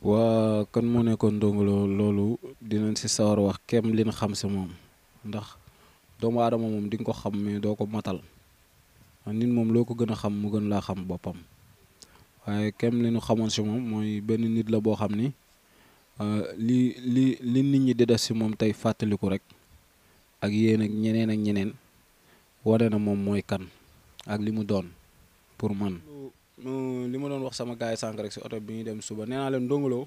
waa kan moo nekkoon Ndongo loolu dinañ si sawar wax kem li ñu xam si moom ndax doomu aadama moom di nga ko xam mais doo ko matal nit moom loo ko gën a xam mu gën laa xam boppam waaye kem li ñu xamoon si moom mooy benn nit la boo xam ni euh, li li li nit ñi di si moom tey fàttaliku rek ak yéen ak ñeneen ak ñeneen wane na moom mooy kan ak li mu doon pour man. li ma doon wax sama gars yi sànq si oto bi ñu dem suba nee naa leen Ndongo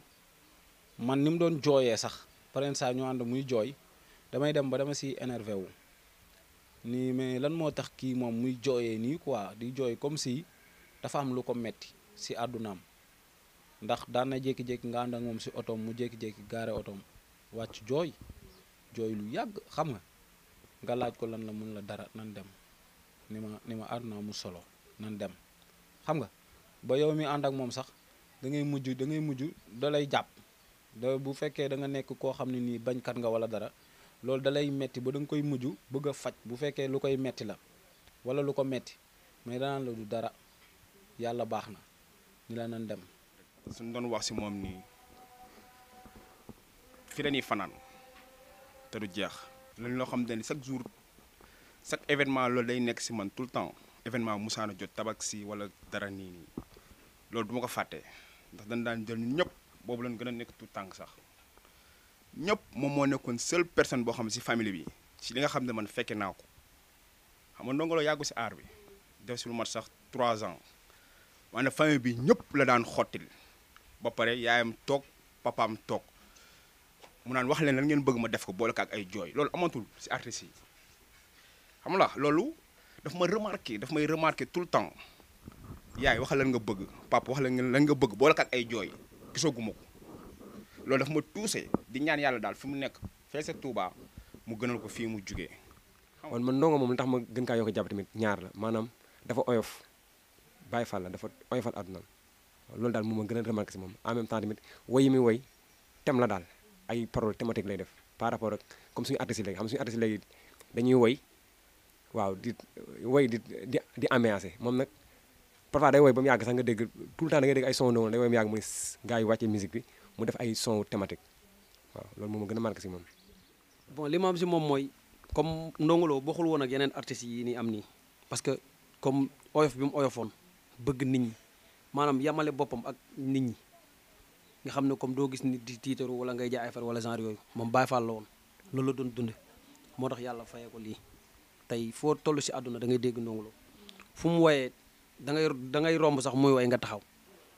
man ni mu doon jooyee sax paren saa ñu ànd muy jooy damay dem ba dama si énervé wu nii mais lan moo tax kii moom muy jooyee nii quoi di jooy comme si dafa am lu ko metti si àddunaam ndax daan na jékki-jékki nga ànd ak moom si otoom mu jékki-jékki gaare otoom wàcc jooy jooy lu yàgg xam nga nga laaj ko lan la mun la dara nan dem ni ma ni ma àdduna mu solo nan dem xam nga ba yow mi ànd ak moom sax dangay mujj da ngay mujj da jàpp da bu fekkee da nga nekk koo xam ne nii bañkat nga wala dara loolu dalay lay metti ba danga koy mujj bëgg a faj bu fekkee lu koy metti la wala lu ko metti mais danaan la du dara yàlla baax na ñu la nan dem suñ doon wax si moom nii fi dañuy fanaan te du jeex lañ loo xam ne chaque jour chaque événement loolu day nekk si man tout le temps événement musaana jot tabax si wala dara nii nii loolu du ma ko fàtte ndax dañ daan jël ñun ñëpp boobu lañ gën a nekk tout tànk sax ñëpp moom moo nekkoon seule personne boo xam ne si famille bi si li nga xam ne man fekke naa ko xam nga ndongo yàggu si aar bi def si lu mat sax 3 ans waaye famille bi ñëpp la daan xottil ba pare yaayam toog papaam toog mu naan wax leen lan ngeen bëgg ma def ko boole ko ak ay jooy loolu amatul si artistes yi xam nga loolu daf ma remarqué daf may remarqué tout le temps. yaay wax lan nga bëgg papa wax lan lan nga bëgg boole kat ay jooy gisaguma ko loolu dafa ma tuuse di ñaan yàlla daal fi mu nekk fee sa mu gënal ko fii mu jugee. kon man ndongo moom li ma gën kaa yokk tamit ñaar la maanaam dafa oyof bàyyi fal la dafa oyofal àdduna loolu daal moom gën a remarqué si moom en même temps tamit woy yi muy woy thème la daal ay paroles thématiques lay def par rapport ak comme suñu artistes xam suñu artistes yi léegi dañuy woy waaw di woy di di di améancé moom nag. parfois day woy ba mu yàgg sax nga dégg tout le temps da nga ay son noonu day woy mu yàgg mu ne ay son thématique loolu moom moo gën a marqué si moom bon li ma am moom mooy comme Ndongo Lo bokkul woon ak yeneen artistes yi nii am nii parce que comme oyof bi mu oyofoon bëgg nit ñi maanaam yamale boppam ak nit ñi nga xam ne comme doo gis nit di tiitaru wala ngay jaay affaire wala genre yooyu moom Baay Faal la woon loolu la doon dunde moo tax yàlla fayee ko lii tey foo toll si àdduna da ngay dégg Ndongo Lo da ngay da ngay romb sax muy way nga taxaw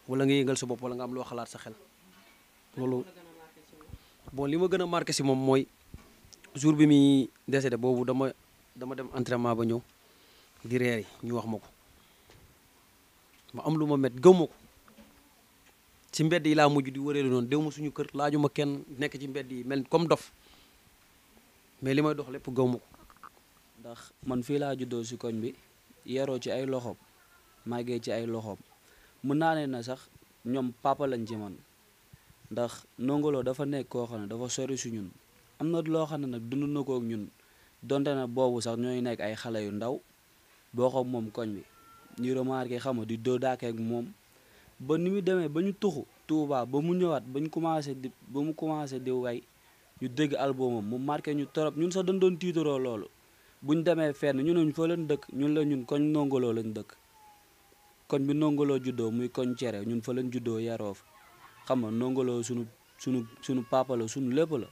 wala nga yëngal sa bopp wala nga am loo xalaat sa xel loolu bon li ma gën a marqué si moom mooy jour bi muy décédé boobu dama dama dem entraînement ba ñëw di reer yi ñu wax ma ko ma am lu ma met gëw ma ko ci mbedd yi laa mujj di wëreelu noonu déw ma suñu kër laaju ma kenn nekk ci mbedd yi mel comme dof mais li may dox lépp gëw ma ko ndax man fii laa juddoo si koñ bi yaroo ci ay loxoom màggee ci ay loxoom mën naa ne na sax ñoom papa lañ ci man ndax Ndongo Lo dafa nekk koo xam ne dafa sori su ñun am na loo xam ne nag dund na kook ñun donte na boobu sax ñooy nekk ay xale yu ndaw boo ko moom koñ bi ñu remarqué xam nga di doo daakeek moom ba ni muy demee ba ñu tuxu Touba ba mu ñëwaat ba ñu commencé di ba mu commencé di way ñu dégg albumam mu marqué ñu torop ñun sax dundoon doon tiitaroo loolu bu ñu demee fenn ñu ne ñu leen dëkk ñun la ñun koñ Ndongo lañ dëkk koñ bi nongoloo juddoo muy koñ cere ñun fa lañ juddoo yaroo fa xam nga nongoloo suñu suñu suñu papa la suñu lépp la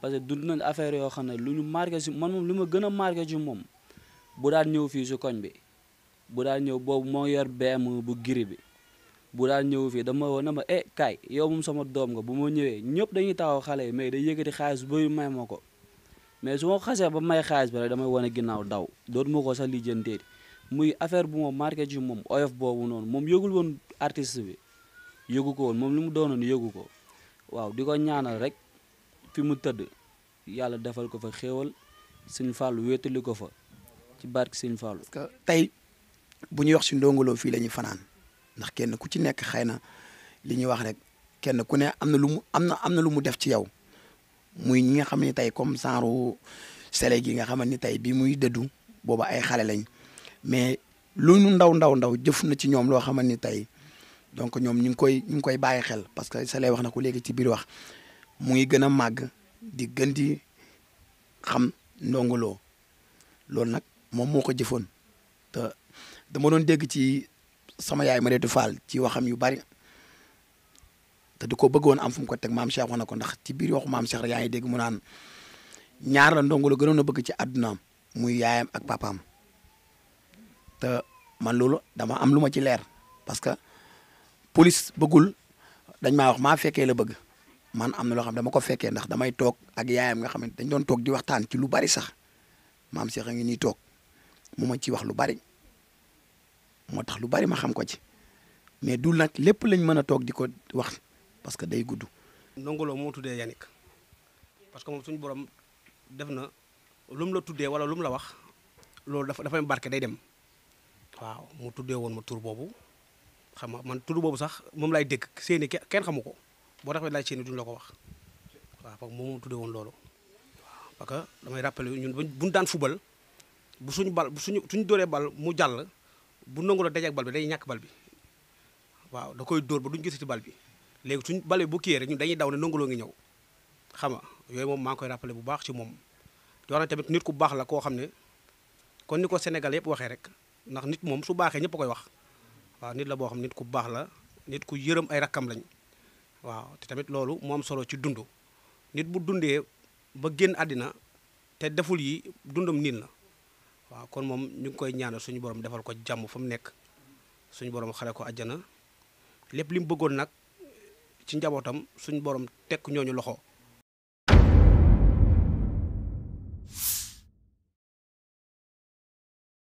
parce que dund nañ affaire yoo xam ne lu ñu marqué si man moom li ma gën a marqué ci moom bu daan ñëw fii si koñ bi bu daan ñëw boobu moo yor BM bu giri bi bu daan ñëw fii dama woo na ma eh kaay yow moom sama doom nga bu ma ñëwee ñëpp dañuy taxaw xale yi mais day yëkkati xaalis bu bëri may ma ko mais su ma xasee ba may xaalis ba rek damay wane ginnaaw daw dootuma ko sa sax lijjantee muy affaire bu ma marqué ci moom oyof boobu noonu moom yëgul woon artiste bi yëgu ko woon moom li mu doonoon yëgu ko waaw di ko ñaanal rek fi mu tëdd yàlla defal ko fa xéewal sëñ Fallou wéetali ko fa ci barke sëñ Fallou. parce que tey bu ñuy wax si Ndongo Lo fii la ñuy fanaan ndax kenn ku ci nekk xëy na li ñuy wax rek kenn ku ne am na lu mu am na am na lu mu def ci yow muy ñi nga xam ne tey comme genre sele gi nga xam ni tey bi muy dëddu booba ay xale lañ. mais lu ñu ndaw ndaw ndaw jëf na ci ñoom loo xamante ni tey donc ñoom ñu ngi koy ñu ngi koy bàyyi xel parce que sa wax na ko léegi ci biir wax mu ngi gën a màgg di gën di xam Ndongo Lo loolu nag moom moo ko jëfoon te dama doon dégg ci sama yaay Mariétou Fall ci waxam yu bari te di ko bëggoon am fu mu ko teg maam Cheikh na ko ndax ci biir waxu maam Cheikh rek yaa ngi dégg mu naan ñaar la Ndongo Lo gënoon a bëgg ci àddunaam muy yaayam ak papaam te man loolu dama am lu ma ci leer parce que police bëggul dañ maa wax maa fekkee la bëgg man am na loo xam dama ko fekkee ndax damay toog ak yaayam nga xam ne dañ doon toog di waxtaan ci lu bari sax maam Cheikh a ngi nii toog mu ma ci wax lu bari moo tax lu bari ma xam ko ci mais dul nag lépp lañ mën a toog di ko wax parce que day gudd. Ndongo Lo moo tuddee Yannick parce que moom suñu borom def na lu la tuddee wala lu la wax loolu dafa dafa barke day dem. waaw mu tuddee woon ma tur boobu xam nga man tur boobu sax moom laay dégg seeni kenn xamu ko boo taxawee laaj seeni duñu la ko wax waaw parce que moom tuddee woon loolu. waaw que damay rappelé ñun buñ daan fubal bu suñu bal suñu suñu dooree bal mu jàll bu nangu la dajeeg bal bi ñàkk bal bi waaw da koy dóor ba duñu gisati bal bi léegi suñu bal bu kii rek ñun dañuy daw ne nangaloo ngi ñëw xam nga yooyu moom maa koy rappelé bu baax ci moom. di wax tamit nit ku baax la koo xam ne kon ni ko Sénégal yëpp waxee rek. ndax nit moom su baaxee ñëpp koy wax waaw nit la boo xam nit ku baax la nit ku yërëm ay rakkam lañ waaw te tamit loolu moo am solo ci dund nit bu dundee ba génn àddina te deful yi dundam niin la waaw kon moom ñu ngi koy ñaanal suñu borom defal ko jàmm fa mu nekk suñu borom xare ko àjjana lépp li mu bëggoon nag ci njabootam suñu borom tekk ñooñu loxo